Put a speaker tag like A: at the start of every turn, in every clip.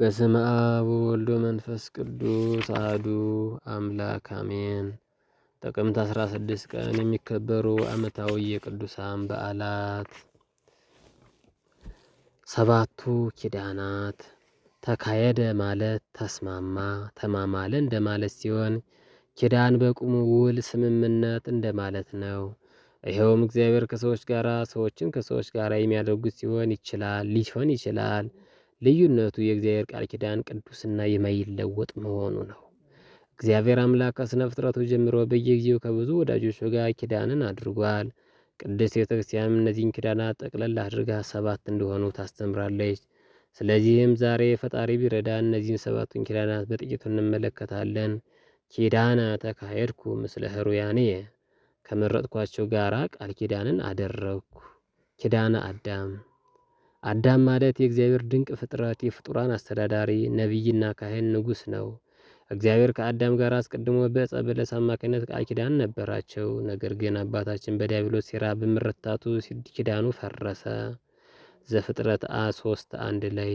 A: በስመ አብ ወወልድ ወመንፈስ ቅዱስ አህዱ አምላክ አሜን። ጥቅምት 16 ቀን የሚከበሩ ዓመታዊ የቅዱሳን በዓላት ሰባቱ ኪዳናት። ተካሄደ ማለት ተስማማ፣ ተማማለ እንደማለት ሲሆን ኪዳን በቁሙ ውል፣ ስምምነት እንደማለት ነው። ይኸውም እግዚአብሔር ከሰዎች ጋር ሰዎችን ከሰዎች ጋር የሚያደርጉት ሲሆን ይችላል ሊሆን ይችላል ልዩነቱ የእግዚአብሔር ቃል ኪዳን ቅዱስና የማይለወጥ መሆኑ ነው። እግዚአብሔር አምላክ ከሥነ ፍጥረቱ ጀምሮ በየጊዜው ከብዙ ወዳጆች ጋር ኪዳንን አድርጓል። ቅድስት ቤተ ክርስቲያንም እነዚህን ኪዳናት ጠቅለል አድርጋ ሰባት እንደሆኑ ታስተምራለች። ስለዚህም ዛሬ ፈጣሪ ቢረዳ እነዚህን ሰባቱን ኪዳናት በጥቂቱ እንመለከታለን። ኪዳነ ተካሄድኩ ምስለ ህሩያኔ ከመረጥኳቸው ጋራ ቃል ኪዳንን አደረግኩ። ኪዳነ አዳም አዳም ማለት የእግዚአብሔር ድንቅ ፍጥረት፣ የፍጡራን አስተዳዳሪ፣ ነቢይና ካህን ንጉሥ ነው። እግዚአብሔር ከአዳም ጋር አስቀድሞ በዕፀ በለስ አማካኝነት ቃል ኪዳን ነበራቸው። ነገር ግን አባታችን በዲያብሎስ ሴራ በመረታቱ ኪዳኑ ፈረሰ። ዘፍጥረት አ ሶስት አንድ ላይ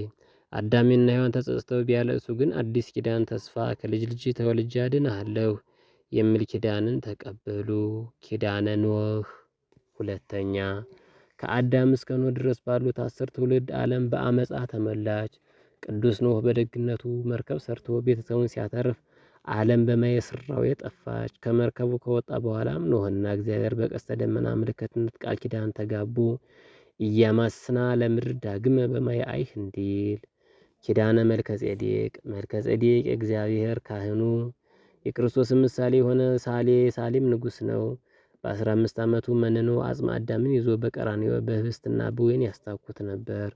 A: አዳምና ሔዋን ተጸጽተው ቢያለቅሱ ግን አዲስ ኪዳን ተስፋ ከልጅ ልጅ ተወልጄ አድንሃለሁ የሚል ኪዳንን ተቀበሉ። ኪዳነ ኖህ ሁለተኛ ከአዳም እስከ ኖህ ድረስ ባሉት አስር ትውልድ ዓለም በአመፃ ተመላች። ቅዱስ ኖህ በደግነቱ መርከብ ሰርቶ ቤተሰቡን ሲያተርፍ ዓለም በማየስራው የጠፋች። ከመርከቡ ከወጣ በኋላም ኖህና እግዚአብሔር በቀስተ ደመና ምልክትነት ቃል ኪዳን ተጋቡ። እያማስና ለምድር ዳግመ በማየ አይህ እንዲል ኪዳነ መልከጼዴቅ መልከጼዴቅ የእግዚአብሔር ካህኑ የክርስቶስን ምሳሌ የሆነ ሳሌ ሳሌም ንጉሥ ነው። በአስራ 15 ዓመቱ መንኖ አጽመ አዳምን ይዞ በቀራንዮ በህብስትና በወይን ያስታኩት ነበር።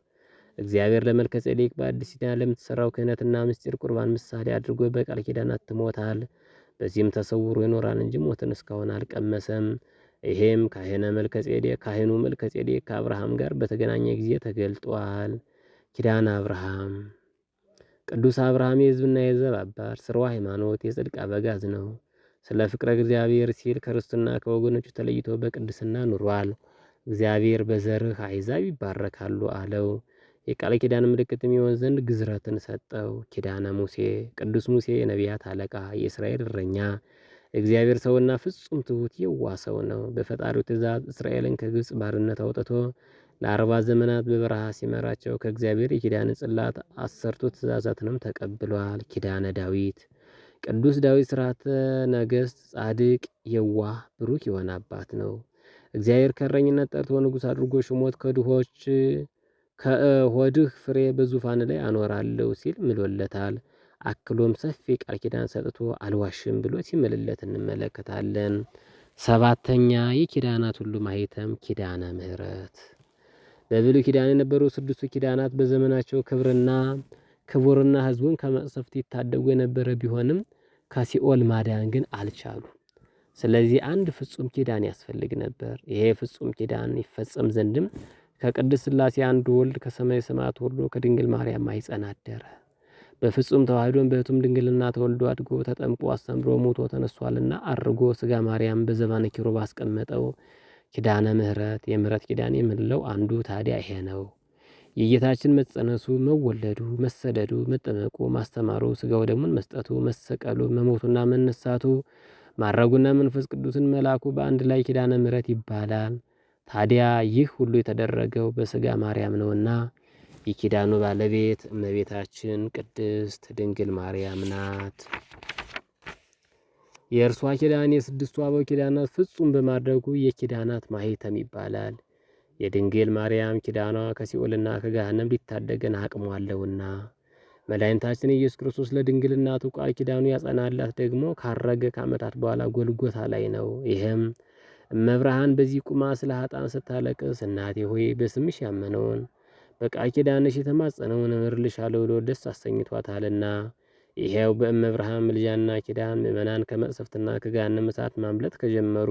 A: እግዚአብሔር ለመልከ ጼዴቅ በአዲስ ኪዳን ለምትሰራው ክህነትና ምስጢር ቁርባን ምሳሌ አድርጎ በቃል ኪዳን አትሞታል። በዚህም ተሰውሮ ይኖራል እንጂ ሞትን እስካሁን አልቀመሰም። ይሄም ካህነ መልከ ጼዴቅ ካህኑ መልከ ጼዴቅ ከአብርሃም ጋር በተገናኘ ጊዜ ተገልጧል። ኪዳን አብርሃም ቅዱስ አብርሃም የህዝብና የዘብ አባት ስርወ ሃይማኖት የጽድቅ አበጋዝ ነው። ስለ ፍቅረ እግዚአብሔር ሲል ከርስትና ከወገኖቹ ተለይቶ በቅድስና ኑሯል። እግዚአብሔር በዘርህ አሕዛብ ይባረካሉ አለው። የቃል ኪዳን ምልክት የሚሆን ዘንድ ግዝረትን ሰጠው። ኪዳነ ሙሴ ቅዱስ ሙሴ የነቢያት አለቃ የእስራኤል እረኛ እግዚአብሔር ሰውና ፍጹም ትሑት የዋ ሰው ነው። በፈጣሪው ትእዛዝ እስራኤልን ከግብፅ ባርነት አውጥቶ ለአርባ ዘመናት በበረሃ ሲመራቸው ከእግዚአብሔር የኪዳን ጽላት አሰርቱ ትእዛዛትንም ተቀብሏል። ኪዳነ ዳዊት ቅዱስ ዳዊት ስርዓተ ነገሥት ጻድቅ፣ የዋህ፣ ብሩክ የሆነ አባት ነው። እግዚአብሔር ከረኝነት ጠርቶ ንጉሥ አድርጎ ሽሞት ከድሆች ከሆድህ ፍሬ በዙፋን ላይ አኖራለሁ ሲል ምሎለታል። አክሎም ሰፊ ቃል ኪዳን ሰጥቶ አልዋሽም ብሎ ሲምልለት እንመለከታለን። ሰባተኛ የኪዳናት ሁሉ ማህተም ኪዳነ ምሕረት በብሉይ ኪዳን የነበሩ ስድስቱ ኪዳናት በዘመናቸው ክብርና ክቡርና ህዝቡን ከመቅሰፍት ይታደጉ የነበረ ቢሆንም ከሲኦል ማዳን ግን አልቻሉ። ስለዚህ አንድ ፍጹም ኪዳን ያስፈልግ ነበር። ይሄ ፍጹም ኪዳን ይፈጸም ዘንድም ከቅድስት ስላሴ አንድ ወልድ ከሰማይ ሰማያት ወርዶ ከድንግል ማርያም ማኅፀን አደረ። በፍጹም ተዋህዶን በህቱም ድንግልና ተወልዶ አድጎ ተጠምቆ አስተምሮ ሞቶ ተነሷልና አርጎ ስጋ ማርያም በዘባነ ኪሩብ አስቀመጠው። ኪዳነ ምህረት የምሕረት ኪዳን የምንለው አንዱ ታዲያ ይሄ ነው። የጌታችን መጸነሱ፣ መወለዱ፣ መሰደዱ፣ መጠመቁ፣ ማስተማሩ፣ ስጋው ደሙን መስጠቱ፣ መሰቀሉ፣ መሞቱና መነሳቱ፣ ማረጉና መንፈስ ቅዱስን መላኩ በአንድ ላይ ኪዳነ ምሕረት ይባላል። ታዲያ ይህ ሁሉ የተደረገው በስጋ ማርያም ነውና የኪዳኑ ባለቤት እመቤታችን ቅድስት ድንግል ማርያም ናት። የእርሷ ኪዳን የስድስቱ አበው ኪዳናት ፍጹም በማድረጉ የኪዳናት ማህተም ይባላል። የድንግል ማርያም ኪዳኗ ከሲኦልና ከገሃነም ሊታደገን አቅሟለውና መድኃኒታችን ኢየሱስ ክርስቶስ ለድንግልናቱ ቃል ኪዳኑ ያጸናላት ደግሞ ካረገ ከዓመታት በኋላ ጎልጎታ ላይ ነው። ይህም እመብርሃን በዚህ ቁማ ስለ ኃጣን ስታለቅስ እናቴ ሆይ በስምሽ ያመነውን በቃል ኪዳንሽ የተማጸነውን እምርልሻለሁ ብሎ ደስ አሰኝቷታልና ይሄው በእመብርሃን ምልጃና ኪዳን ምእመናን ከመቅሰፍትና ከገሃነም እሳት ማምለጥ ከጀመሩ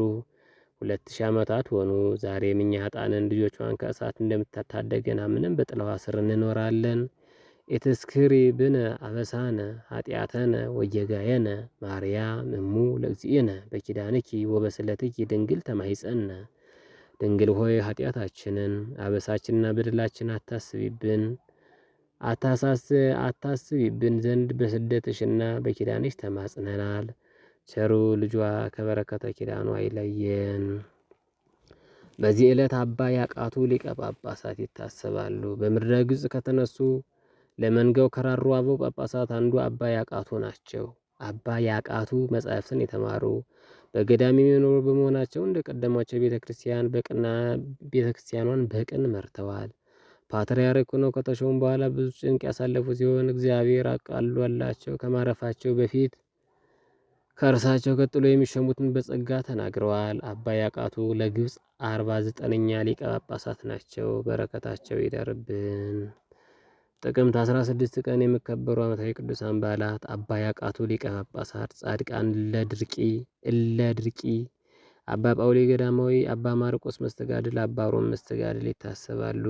A: ሁለት ሺህ ዓመታት ሆኑ። ዛሬም እኛ ሕጣንን ልጆቿን ከእሳት እንደምታታደገና ምንም በጥላዋ ስር እንኖራለን። ኢትስክሪ ብነ አበሳነ ኃጢአተነ ወየጋየነ ማርያም እሙ ለእግዚእነ በኪዳንኪ ወበስለትኪ ድንግል ተማይጸነ። ድንግል ሆይ ኃጢአታችንን አበሳችንና በደላችን አታስቢብን አታሳስ አታስቢብን ዘንድ በስደትሽና በኪዳንሽ ተማጽነናል። ቸሩ ልጇ ከበረከተ ኪዳኗ አይለየን። በዚህ ዕለት አባ ያቃቱ ሊቀ ጳጳሳት ይታሰባሉ። በምድረ ግብፅ ከተነሱ ለመንጋው ከራሩ አበው ጳጳሳት አንዱ አባ ያቃቱ ናቸው። አባ ያቃቱ መጻሕፍትን የተማሩ በገዳም የሚኖሩ በመሆናቸው እንደ ቀደማቸው ቤተ ክርስቲያን በቅና ቤተ ክርስቲያኗን በቅን መርተዋል። ፓትርያርክ ሆነው ከተሾሙ በኋላ ብዙ ጭንቅ ያሳለፉ ሲሆን እግዚአብሔር አቃሏላቸው። ከማረፋቸው በፊት ከእርሳቸው ቀጥሎ የሚሸሙትን በጸጋ ተናግረዋል። አባ ያቃቱ ለግብፅ አርባ ዘጠነኛ ሊቀ ጳጳሳት ናቸው። በረከታቸው ይደርብን። ጥቅምት 16 ቀን የሚከበሩ ዓመታዊ ቅዱሳን በዓላት አባ ያቃቱ ሊቀ ጳጳሳት፣ ጻድቃን ለድርቂ እለድርቂ፣ አባ ጳውሊ ገዳማዊ፣ አባ ማርቆስ መስተጋድል፣ አባ ሮም መስተጋድል ይታሰባሉ።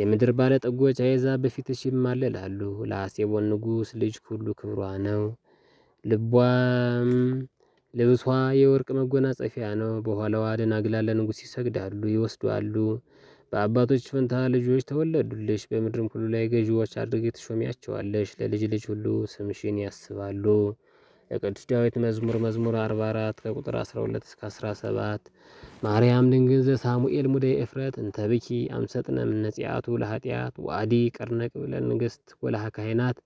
A: የምድር ባለጠጎች አይዛ በፊትሽ ይማለላሉ። ለአሴቦን ንጉሥ ልጅ ሁሉ ክብሯ ነው። ልቧም ልብሷ የወርቅ መጎናጸፊያ ነው። በኋላዋ ደናግላ ለንጉሥ ይሰግዳሉ ይወስዷሉ። በአባቶች ፈንታ ልጆች ተወለዱልሽ። በምድርም ሁሉ ላይ ገዢዎች አድርጌ ትሾሚያቸዋለሽ። ለልጅ ልጅ ሁሉ ስምሽን ያስባሉ። የቅዱስ ዳዊት መዝሙር መዝሙር 44 ከቁጥር 12 እስከ 17 ማርያም ድንግል ዘሳሙኤል ሙዳይ እፍረት እንተብኪ አምሰጥነ እምነጺአቱ ለኃጢአት ዋዲ ቀርነቅ ብለን ንግሥት ወለሃ ካህናት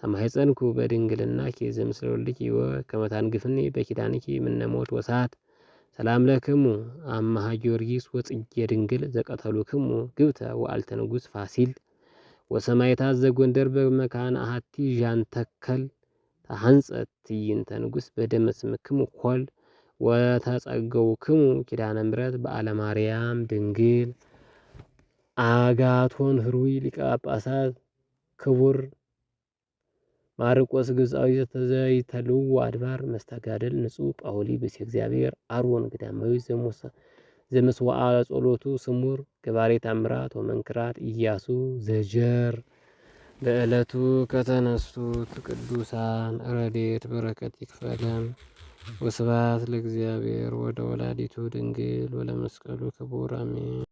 A: ተማሕፀንኩ በድንግልናኪ ዘምስለወልድኪ ወከመታንግፍኒ በኪዳንኪ ምነሞት ወሳት ሰላም ለክሙ አማሃ ጊዮርጊስ ወጽጌ ድንግል ዘቀተሉ ክሙ ግብተ ወአልተ ንጉስ ፋሲል ወሰማዕታት ዘጎንደር በመካነ አሐቲ ዣንተከል ተሐንጸት ትይንተ ንጉስ በደመስም ስምክሙ ኮል ክሙ ኪዳነ ምረት በዓለ ማርያም ድንግል አጋቶን ህሩይ ሊቀ ጳጳሳት ክቡር ማርቆስ ግብፃዊ ዘተዘይተልዉ አድባር መስተጋደል ንጹሕ ጳውሊ ብእሴ እግዚአብሔር አርዎን ግዳማዊ ዘመስዋዓ ጸሎቱ ስሙር ገባሬ ታምራት ወመንክራት ኢያሱ ዘጀር በዕለቱ ከተነሱት ቅዱሳን ረድኤት በረከት ይክፈለን። ወስባት ለእግዚአብሔር ወደ ወላዲቱ ድንግል ወለመስቀሉ ክቡር አሜን።